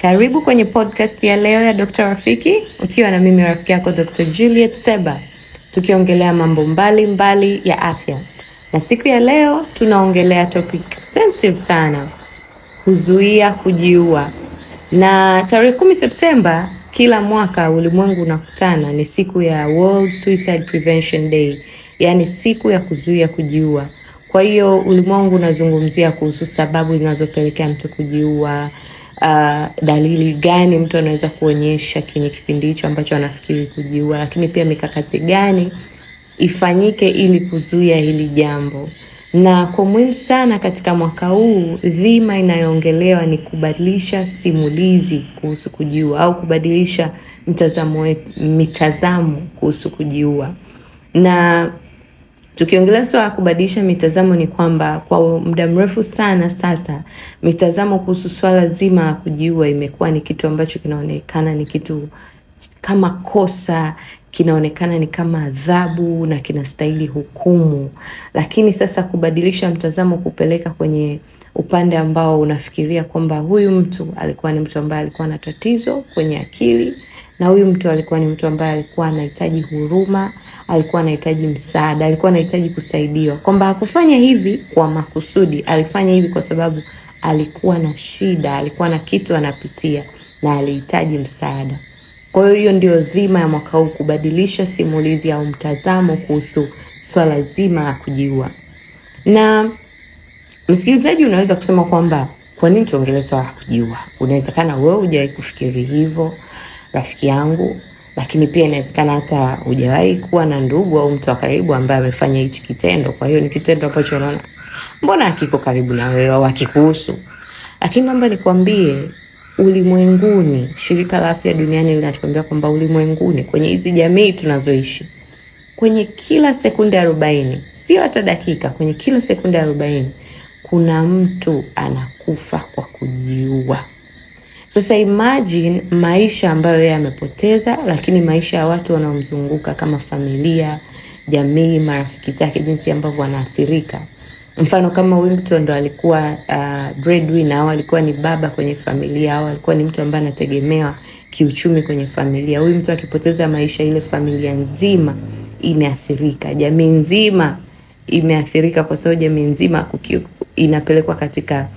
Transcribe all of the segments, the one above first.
Karibu kwenye podcast ya leo ya Dr. Rafiki ukiwa na mimi rafiki yako Dr. Juliet Seba, tukiongelea mambo mbalimbali mbali ya afya, na siku ya leo tunaongelea topic sensitive sana, kuzuia kujiua. Na tarehe kumi Septemba kila mwaka ulimwengu unakutana, ni siku ya World Suicide Prevention Day, yaani siku ya kuzuia kujiua. Kwa hiyo ulimwengu unazungumzia kuhusu sababu zinazopelekea mtu kujiua uh, dalili gani mtu anaweza kuonyesha kwenye kipindi hicho ambacho anafikiri kujiua, lakini pia mikakati gani ifanyike ili kuzuia hili jambo. Na kwa muhimu sana katika mwaka huu, dhima inayoongelewa ni kubadilisha simulizi kuhusu kujiua au kubadilisha mtazamo mitazamo kuhusu kujiua na Tukiongelea swala la kubadilisha mitazamo, ni kwamba kwa muda mrefu sana sasa mitazamo kuhusu swala zima la kujiua imekuwa ni kitu ambacho kinaonekana ni kitu kama kosa kinaonekana ni kama adhabu na kinastahili hukumu. Lakini sasa kubadilisha mtazamo, kupeleka kwenye upande ambao unafikiria kwamba huyu mtu alikuwa ni mtu ambaye alikuwa na tatizo kwenye akili, na huyu mtu alikuwa ni mtu ambaye alikuwa anahitaji huruma alikuwa anahitaji msaada, alikuwa anahitaji kusaidiwa, kwamba hakufanya hivi kwa makusudi, alifanya hivi kwa sababu alikuwa na shida, alikuwa na kitu anapitia na alihitaji msaada. Kwa hiyo hiyo ndio dhima ya mwaka huu, kubadilisha simulizi au mtazamo kuhusu swala zima la kujiua. Na msikilizaji, unaweza kusema kwamba kwa nini tuongelee swala la kujiua? Unawezekana wewe hujawahi kufikiri hivyo, rafiki yangu, lakini pia inawezekana hata hujawahi kuwa na ndugu au mtu wa karibu ambaye amefanya hichi kitendo. Kwa hiyo ni kitendo ambacho unaona mbona akiko karibu na wewe au akikuhusu. Lakini naomba nikwambie, ulimwenguni, shirika la afya duniani linatuambia kwamba ulimwenguni, kwenye hizi jamii tunazoishi, kwenye kila sekunde arobaini, sio hata dakika, kwenye kila sekunde arobaini kuna mtu anakufa kwa kujiua. Sasa imagine maisha ambayo yeye amepoteza, lakini maisha ya watu wanaomzunguka kama familia, jamii, marafiki zake, jinsi ambavyo wanaathirika. Mfano kama Wilton ndo alikuwa uh, breadwinner au alikuwa ni baba kwenye familia au alikuwa ni mtu ambaye anategemewa kiuchumi kwenye familia. Huyu mtu akipoteza maisha, ile familia nzima imeathirika, jamii nzima imeathirika, kwa sababu jamii nzima inapelekwa katika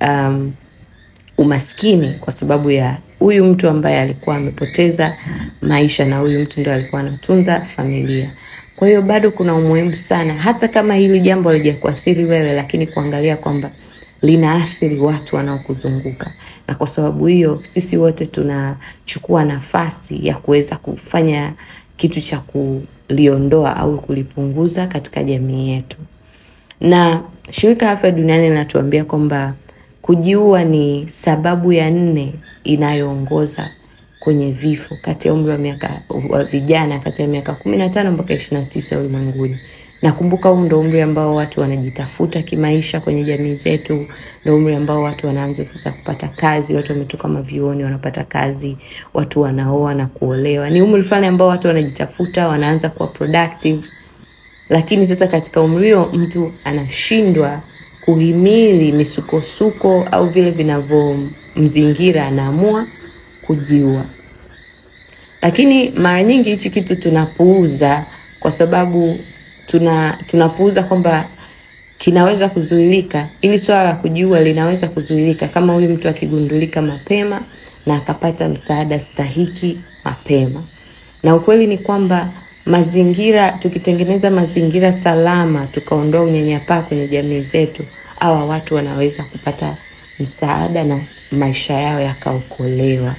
um, umaskini kwa sababu ya huyu mtu ambaye alikuwa amepoteza maisha na huyu mtu ndio alikuwa anatunza familia. Kwa hiyo bado kuna umuhimu sana, hata kama hili jambo halijakuathiri wewe, lakini kuangalia kwamba linaathiri watu wanaokuzunguka. Na kwa sababu hiyo, sisi wote tunachukua nafasi ya kuweza kufanya kitu cha kuliondoa au kulipunguza katika jamii yetu, na shirika la afya duniani linatuambia kwamba Kujiua ni sababu ya nne inayoongoza kwenye vifo kati ya umri wa miaka wa vijana kati ya miaka kumi na tano mpaka ishirini na tisa ulimwenguni. Nakumbuka huu ndo umri ambao watu wanajitafuta kimaisha kwenye jamii zetu, ndo umri ambao watu wanaanza sasa kupata kazi, watu wametoka mavioni wanapata kazi, watu wanaoa na kuolewa. Ni umri fulani ambao watu wanajitafuta, wanaanza kuwa productive, lakini sasa katika umri huo mtu anashindwa kuhimili misukosuko au vile vinavyomzingira, anaamua kujiua. Lakini mara nyingi hichi kitu tunapuuza kwa sababu tuna tunapuuza kwamba kinaweza kuzuilika. Ili swala la kujiua linaweza kuzuilika kama huyu mtu akigundulika mapema na akapata msaada stahiki mapema. Na ukweli ni kwamba mazingira, tukitengeneza mazingira salama, tukaondoa unyanyapaa kwenye jamii zetu, hawa watu wanaweza kupata msaada na maisha yao yakaokolewa.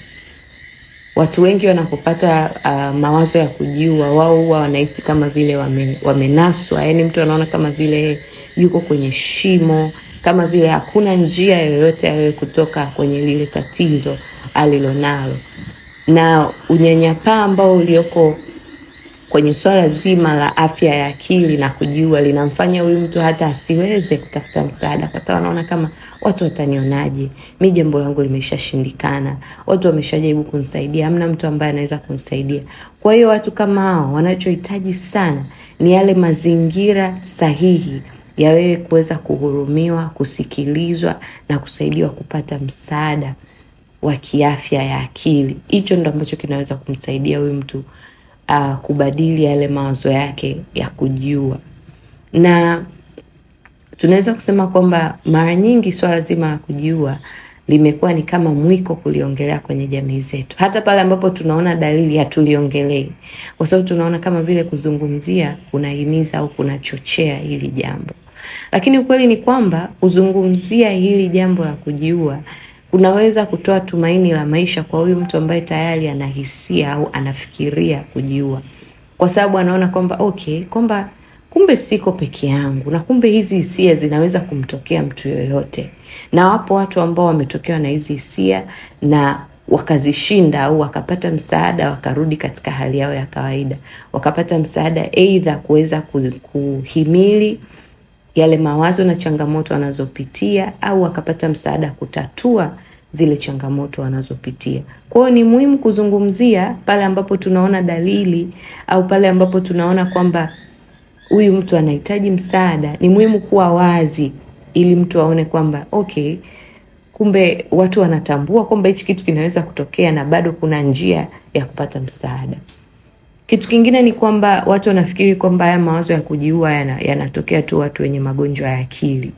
Watu wengi wanapopata uh, mawazo ya kujiua, wao huwa wanahisi kama vile wame, wamenaswa. Yaani mtu anaona kama vile yuko kwenye shimo, kama vile hakuna njia yoyote ya kutoka kwenye lile tatizo alilonalo, na unyanyapaa ambao ulioko kwenye swala zima la afya ya akili na kujua linamfanya huyu mtu hata asiweze kutafuta msaada, kwa sababu anaona kama watu watanionaje, mi jambo langu limeshashindikana, watu wameshajaribu kunisaidia, hamna mtu ambaye anaweza kunisaidia. Kwa hiyo watu kama hao wanachohitaji sana ni yale mazingira sahihi ya wewe kuweza kuhurumiwa, kusikilizwa na kusaidiwa kupata msaada wa kiafya ya akili. Hicho ndo ambacho kinaweza kumsaidia huyu mtu uh, kubadili yale mawazo yake ya kujua na tunaweza kusema kwamba mara nyingi swala zima la kujiua limekuwa ni kama mwiko kuliongelea kwenye jamii zetu, hata pale ambapo tunaona dalili hatuliongelei, kwa sababu tunaona kama vile kuzungumzia kunahimiza au kunachochea hili jambo, lakini ukweli ni kwamba kuzungumzia hili jambo la kujiua unaweza kutoa tumaini la maisha kwa huyu mtu ambaye tayari anahisia au anafikiria kujiua, kwa sababu anaona kwamba okay, kwamba kumbe siko peke yangu, na kumbe hizi hisia zinaweza kumtokea mtu yoyote, na wapo watu ambao wametokewa na hizi hisia na wakazishinda au wakapata msaada, wakarudi katika hali yao ya kawaida, wakapata msaada aidha kuweza kuhimili yale mawazo na changamoto wanazopitia au wakapata msaada kutatua zile changamoto wanazopitia. Kwa hiyo ni muhimu kuzungumzia pale ambapo tunaona dalili au pale ambapo tunaona kwamba huyu mtu anahitaji msaada. Ni muhimu kuwa wazi ili mtu aone kwamba okay, kumbe watu wanatambua kwamba hichi kitu kinaweza kutokea na bado kuna njia ya kupata msaada. Kitu kingine ni kwamba watu wanafikiri kwamba haya mawazo ya kujiua yanatokea yana tu watu wenye magonjwa ya akili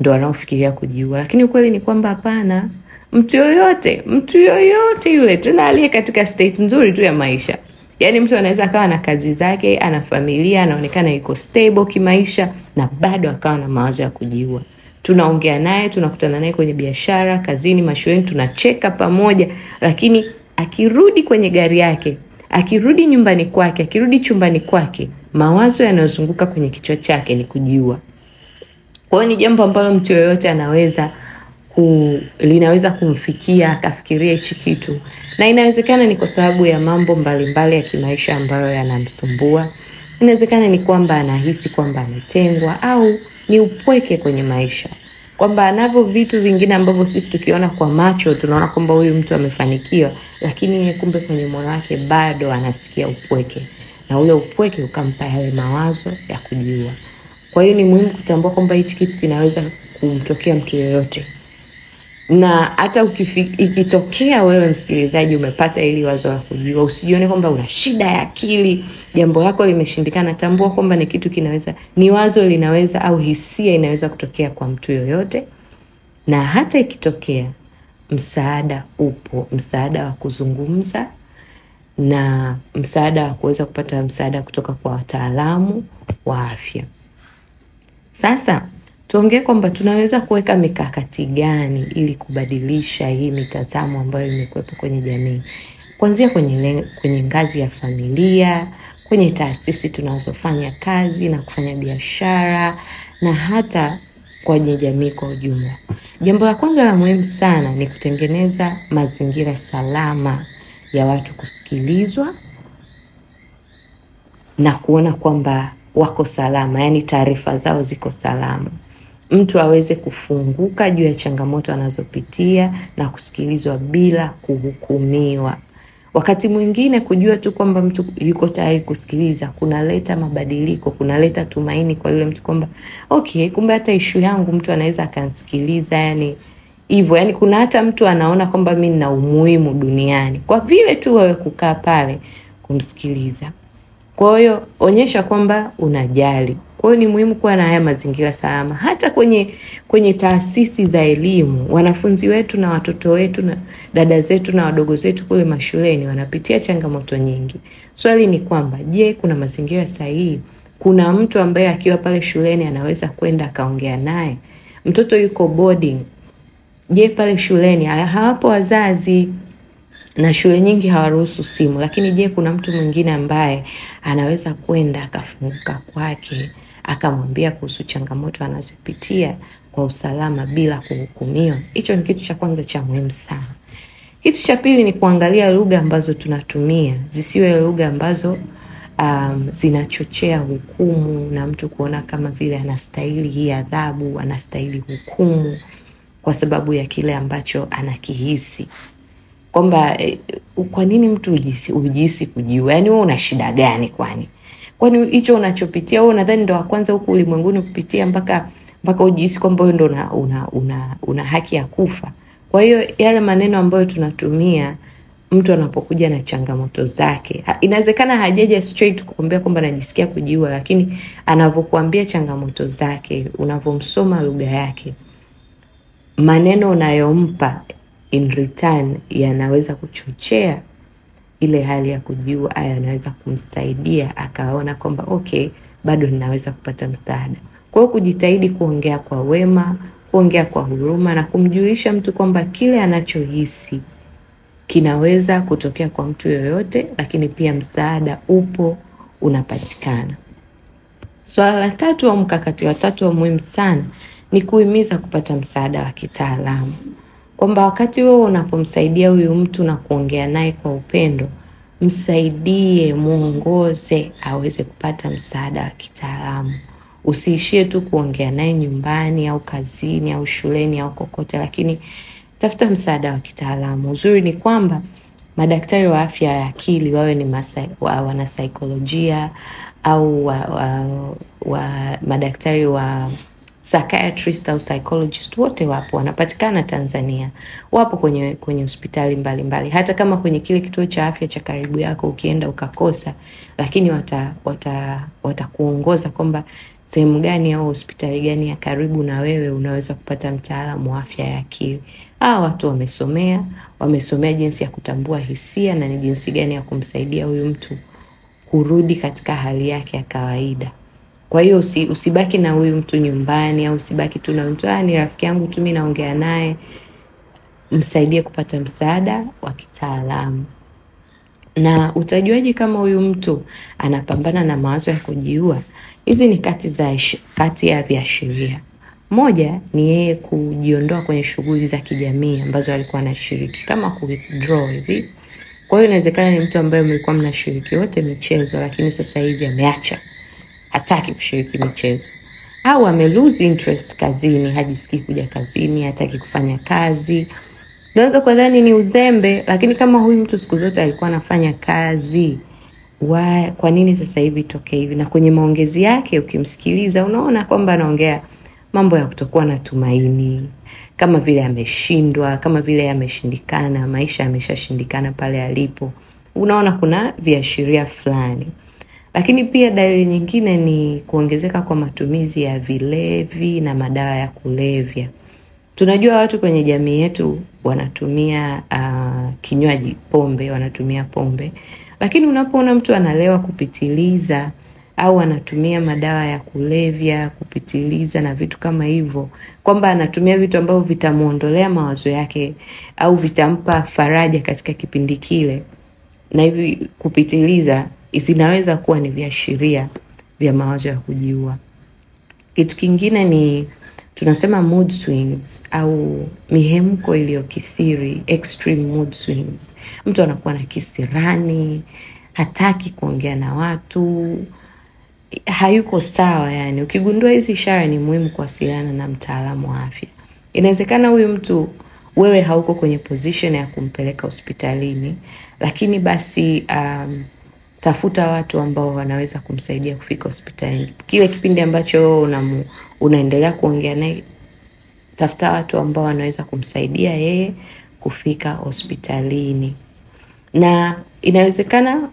ndo wanaofikiria kujiua, lakini ukweli ni kwamba hapana, mtu yoyote, mtu yoyote yule, tena aliye katika state nzuri tu ya maisha Yaani mtu anaweza akawa na kazi zake, ana familia, anaonekana iko stable kimaisha, na bado akawa na mawazo ya kujiua. Tunaongea naye, tunakutana naye kwenye biashara, kazini, mashuleni, tunacheka pamoja, lakini akirudi kwenye gari yake Akirudi nyumbani kwake, akirudi chumbani kwake, mawazo yanayozunguka kwenye kichwa chake ni kujiua. Kwa hiyo ni jambo ambalo mtu yoyote anaweza ku, linaweza kumfikia akafikiria hichi kitu, na inawezekana ni kwa sababu ya mambo mbalimbali mbali ya kimaisha ambayo yanamsumbua. Inawezekana ni kwamba anahisi kwamba ametengwa au ni upweke kwenye maisha kwamba anavyo vitu vingine ambavyo sisi tukiona kwa macho tunaona kwamba huyu mtu amefanikiwa, lakini kumbe kwenye moyo wake bado anasikia upweke, na ule upweke ukampa yale mawazo ya kujiua. Kwa hiyo ni muhimu kutambua kwamba hichi kitu kinaweza kumtokea mtu yoyote na hata ikitokea wewe msikilizaji umepata ili wazo la kujua usijione kwamba una shida ya akili, jambo lako limeshindikana. Tambua kwamba ni kitu kinaweza, ni wazo linaweza, au hisia inaweza kutokea kwa mtu yoyote, na hata ikitokea, msaada upo, msaada wa kuzungumza na msaada wa kuweza kupata msaada kutoka kwa wataalamu wa afya. Sasa tuongee kwamba tunaweza kuweka mikakati gani ili kubadilisha hii mitazamo ambayo imekuwepo kwenye jamii, kuanzia kwenye, kwenye ngazi ya familia, kwenye taasisi tunazofanya kazi na kufanya biashara na hata kwenye jamii kwa ujumla. Jambo la kwanza la muhimu sana ni kutengeneza mazingira salama ya watu kusikilizwa na kuona kwamba wako salama, yaani taarifa zao ziko salama mtu aweze kufunguka juu ya changamoto anazopitia na kusikilizwa bila kuhukumiwa. Wakati mwingine kujua tu kwamba mtu yuko tayari kusikiliza kunaleta mabadiliko, kunaleta tumaini kwa yule mtu kwamba okay, kumbe hata ishu yangu mtu anaweza akansikiliza yani hivyo. Yani kuna hata mtu anaona kwamba mi nina umuhimu duniani kwa vile tu wewe kukaa pale kumsikiliza. Kwa hiyo onyesha kwamba unajali. Kwa hiyo ni muhimu kuwa na haya mazingira salama, hata kwenye kwenye taasisi za elimu. Wanafunzi wetu na watoto wetu na dada zetu na wadogo zetu kule mashuleni wanapitia changamoto nyingi. Swali ni kwamba, je, kuna mazingira sahihi? Kuna mtu ambaye akiwa pale shuleni anaweza kwenda akaongea naye? Mtoto yuko boarding, je, pale shuleni hawapo wazazi na shule nyingi hawaruhusu simu, lakini je, kuna mtu mwingine ambaye anaweza kwenda akafunguka kwake akamwambia kuhusu changamoto anazopitia kwa usalama bila kuhukumiwa. Hicho ni kitu cha kwanza cha muhimu sana. Kitu cha pili ni kuangalia lugha ambazo tunatumia zisiwe lugha ambazo um, zinachochea hukumu na mtu kuona kama vile anastahili hii adhabu, anastahili hukumu kwa sababu ya kile ambacho anakihisi kwamba eh, kwa nini mtu ujihisi kujiua? Yani, wewe una shida gani? Kwani kwani hicho unachopitia wewe nadhani ndo wa kwanza huku ulimwenguni kupitia mpaka mpaka ujihisi kwamba wewe ndo una, una, una, una haki ya kufa. Kwa hiyo yale maneno ambayo tunatumia mtu anapokuja na changamoto zake, inawezekana hajaja straight kukuambia kwamba najisikia kujiua, lakini anavyokuambia changamoto zake, unavyomsoma lugha yake, maneno unayompa in return yanaweza kuchochea ile hali ya kujua aya anaweza kumsaidia akaona kwamba okay, bado ninaweza kupata msaada. Kwa hiyo kujitahidi kuongea kwa wema, kuongea kwa huruma na kumjulisha mtu kwamba kile anachohisi kinaweza kutokea kwa mtu yoyote, lakini pia msaada upo unapatikana. Swala so, la tatu au mkakati wa tatu wa muhimu sana ni kuhimiza kupata msaada wa kitaalamu kwamba wakati wewe unapomsaidia huyu mtu na kuongea naye kwa upendo, msaidie, mwongoze aweze kupata msaada wa kitaalamu. Usiishie tu kuongea naye nyumbani au kazini au shuleni au kokote, lakini tafuta msaada wa kitaalamu. Uzuri ni kwamba madaktari wa afya ya akili wawe ni masa, wa, wanasaikolojia au wa, wa, wa, madaktari wa psychiatrist au psychologist wote wapo, wanapatikana Tanzania, wapo kwenye kwenye hospitali mbalimbali. Hata kama kwenye kile kituo cha afya cha karibu yako ukienda ukakosa, lakini watakuongoza wata, wata kwamba sehemu gani au hospitali gani ya karibu na wewe unaweza kupata mtaalamu wa afya ya akili. Hawa watu wamesomea, wamesomea jinsi ya kutambua hisia na ni jinsi gani ya kumsaidia huyu mtu kurudi katika hali yake ya kawaida. Kwa hiyo usi, usibaki na huyu mtu nyumbani au usibaki tu na mtu ah, ni rafiki yangu tu mimi naongea naye, msaidie kupata msaada wa kitaalamu. Na utajuaje kama huyu mtu anapambana na mawazo ya kujiua? Hizi ni kati za kati ya viashiria. Moja ni yeye kujiondoa kwenye shughuli za kijamii ambazo alikuwa anashiriki kama ku withdraw hivi. Kwa hiyo inawezekana ni mtu ambaye mlikuwa mnashiriki wote michezo, lakini sasa hivi ameacha hataki kushiriki michezo, au ame lose interest kazini, hajisikii kuja kazini, hataki kufanya kazi. Unaweza kudhani ni uzembe, lakini kama huyu mtu siku zote alikuwa anafanya kazi wa, kwa nini sasa hivi itokee hivi? Na kwenye maongezi yake ukimsikiliza, unaona kwamba anaongea mambo ya kutokuwa na tumaini, kama vile ameshindwa, kama vile ameshindikana, maisha ameshashindikana pale alipo. Unaona kuna viashiria fulani. Lakini pia dalili nyingine ni kuongezeka kwa matumizi ya vilevi na madawa ya kulevya. Tunajua watu kwenye jamii yetu wanatumia uh, kinywaji pombe, wanatumia pombe, lakini unapoona mtu analewa kupitiliza au anatumia madawa ya kulevya kupitiliza na vitu kama hivyo, kwamba anatumia vitu ambavyo vitamwondolea mawazo yake au vitampa faraja katika kipindi kile, na hivi kupitiliza zinaweza kuwa ni viashiria vya mawazo ya kujiua. Kitu kingine ni tunasema mood swings au mihemko iliyokithiri, extreme mood swings. Mtu anakuwa na kisirani, hataki kuongea na watu, hayuko sawa. Yani ukigundua hizi ishara, ni muhimu kuwasiliana na mtaalamu wa afya. Inawezekana huyu mtu wewe hauko kwenye position ya kumpeleka hospitalini, lakini basi um, tafuta watu ambao wanaweza kumsaidia kufika hospitalini. Kile kipindi ambacho unamu, unaendelea kuongea naye, tafuta watu ambao wanaweza kumsaidia yeye kufika hospitalini. Na inawezekana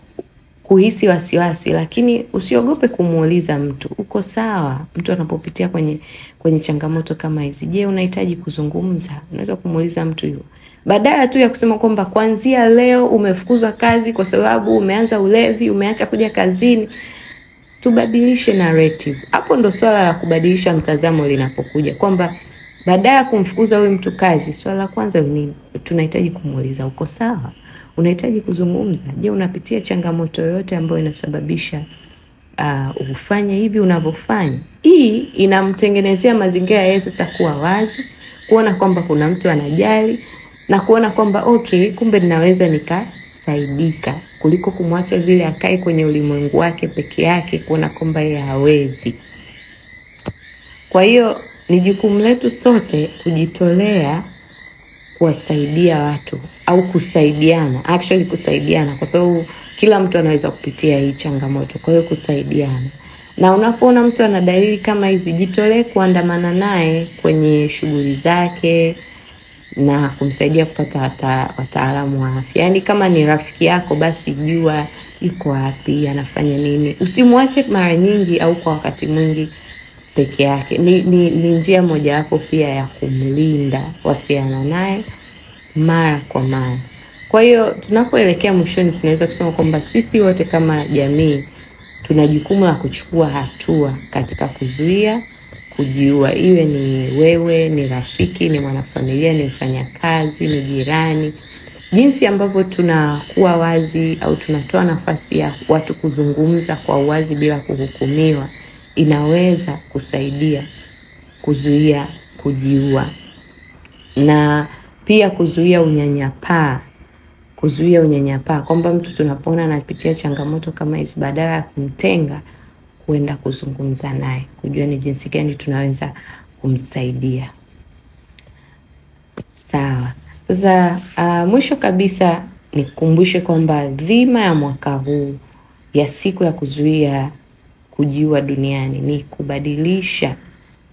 kuhisi wasiwasi, lakini usiogope kumuuliza mtu, uko sawa? Mtu anapopitia kwenye kwenye changamoto kama hizi, je, unahitaji kuzungumza? Unaweza kumuuliza mtu yuko badala tu ya kusema kwamba kuanzia leo umefukuzwa kazi kwa sababu umeanza ulevi, umeacha kuja kazini. Tubadilishe narrative. Hapo ndo swala la kubadilisha mtazamo linapokuja kwamba baada ya kumfukuza huyu mtu kazi, swala la kwanza ni tunahitaji kumuuliza uko sawa? Unahitaji kuzungumza. Je, unapitia changamoto yoyote ambayo inasababisha uh, ufanye hivi unavyofanya? Hii inamtengenezea mazingira yeye sasa kuwa wazi, kuona kwamba kuna mtu anajali, na kuona kwamba okay, kumbe ninaweza nikasaidika, kuliko kumwacha vile akae kwenye ulimwengu wake peke yake, kuona kwamba yeye hawezi. Kwa hiyo ni jukumu letu sote kujitolea kuwasaidia watu au kusaidiana, actually kusaidiana, kwa sababu kila mtu anaweza kupitia hii changamoto. Kwa hiyo kusaidiana, na unapoona mtu ana dalili kama hizi, jitolee kuandamana naye kwenye shughuli zake na kumsaidia kupata wataalamu wa afya. Yaani, kama ni rafiki yako, basi jua yuko wapi, anafanya nini. Usimwache mara nyingi au kwa wakati mwingi peke yake. Ni, ni, ni njia mojawapo pia ya kumlinda, wasiana naye mara kwa mara. Kwa hiyo tunapoelekea mwishoni, tunaweza kusema kwamba sisi wote kama jamii tuna jukumu la kuchukua hatua katika kuzuia kujua, iwe ni wewe, ni rafiki, ni mwanafamilia, ni mfanyakazi, ni jirani. Jinsi ambavyo tunakuwa wazi au tunatoa nafasi ya watu kuzungumza kwa uwazi bila kuhukumiwa, inaweza kusaidia kuzuia kujiua na pia kuzuia unyanyapaa kuzuia unyanyapaa, kwamba mtu tunapoona anapitia changamoto kama hizi, badala ya kumtenga kwenda kuzungumza naye kujua ni jinsi gani tunaweza kumsaidia. Sawa. Sasa uh, mwisho kabisa nikukumbushe kwamba dhima ya mwaka huu ya siku ya kuzuia kujiua duniani ni kubadilisha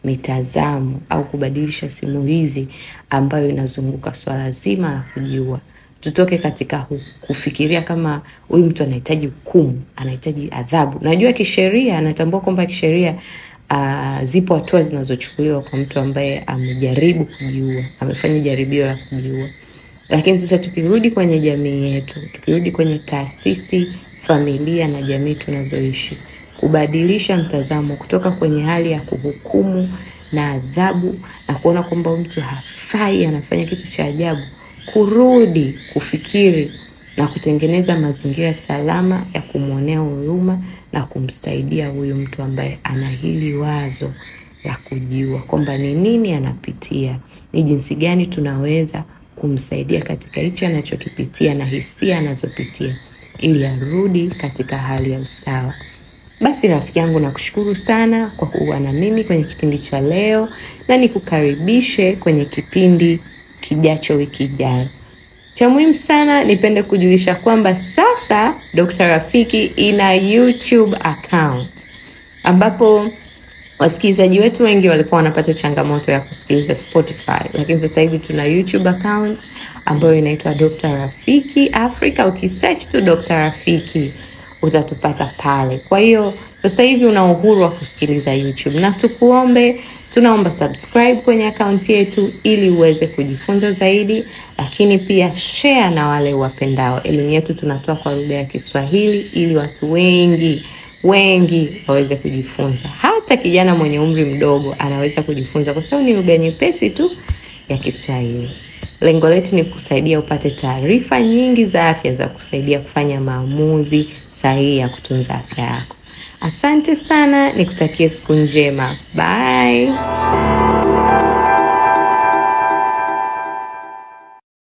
mitazamo au kubadilisha simulizi ambayo inazunguka swala zima la kujiua tutoke katika hu, kufikiria kama huyu mtu anahitaji hukumu, anahitaji adhabu. Najua kisheria, anatambua kwamba kisheria Uh, zipo hatua zinazochukuliwa kwa mtu ambaye amejaribu kujiua, amefanya jaribio la kujiua. Lakini sasa tukirudi kwenye jamii yetu, tukirudi kwenye taasisi, familia na jamii tunazoishi, kubadilisha mtazamo kutoka kwenye hali ya kuhukumu na adhabu na kuona kwamba mtu hafai, anafanya kitu cha ajabu kurudi kufikiri na kutengeneza mazingira salama ya kumwonea huruma na kumsaidia huyu mtu ambaye ana hili wazo la kujua kwamba ni nini anapitia, ni jinsi gani tunaweza kumsaidia katika hicho anachokipitia na hisia anazopitia ili arudi katika hali ya usawa. Basi rafiki yangu, nakushukuru sana kwa kuwa na mimi kwenye kipindi cha leo, na nikukaribishe kwenye kipindi kijacho wiki ijayo. Cha muhimu sana nipende kujulisha kwamba sasa Dr. Rafiki ina YouTube account ambapo wasikilizaji wetu wengi walikuwa wanapata changamoto ya kusikiliza Spotify, lakini sasa hivi tuna YouTube account ambayo inaitwa Dr. Rafiki Africa. Ukisearch tu Dr. Rafiki utatupata pale. Kwa hiyo sasa hivi una uhuru wa kusikiliza YouTube na tukuombe Tunaomba subscribe kwenye akaunti yetu ili uweze kujifunza zaidi, lakini pia share na wale wapendao. Elimu yetu tunatoa kwa lugha ya Kiswahili ili watu wengi wengi waweze kujifunza. Hata kijana mwenye umri mdogo anaweza kujifunza, kwa sababu ni lugha nyepesi tu ya Kiswahili. Lengo letu ni kusaidia upate taarifa nyingi za afya za kusaidia kufanya maamuzi sahihi ya kutunza afya yako. Asante sana, nikutakie siku njema. Bye.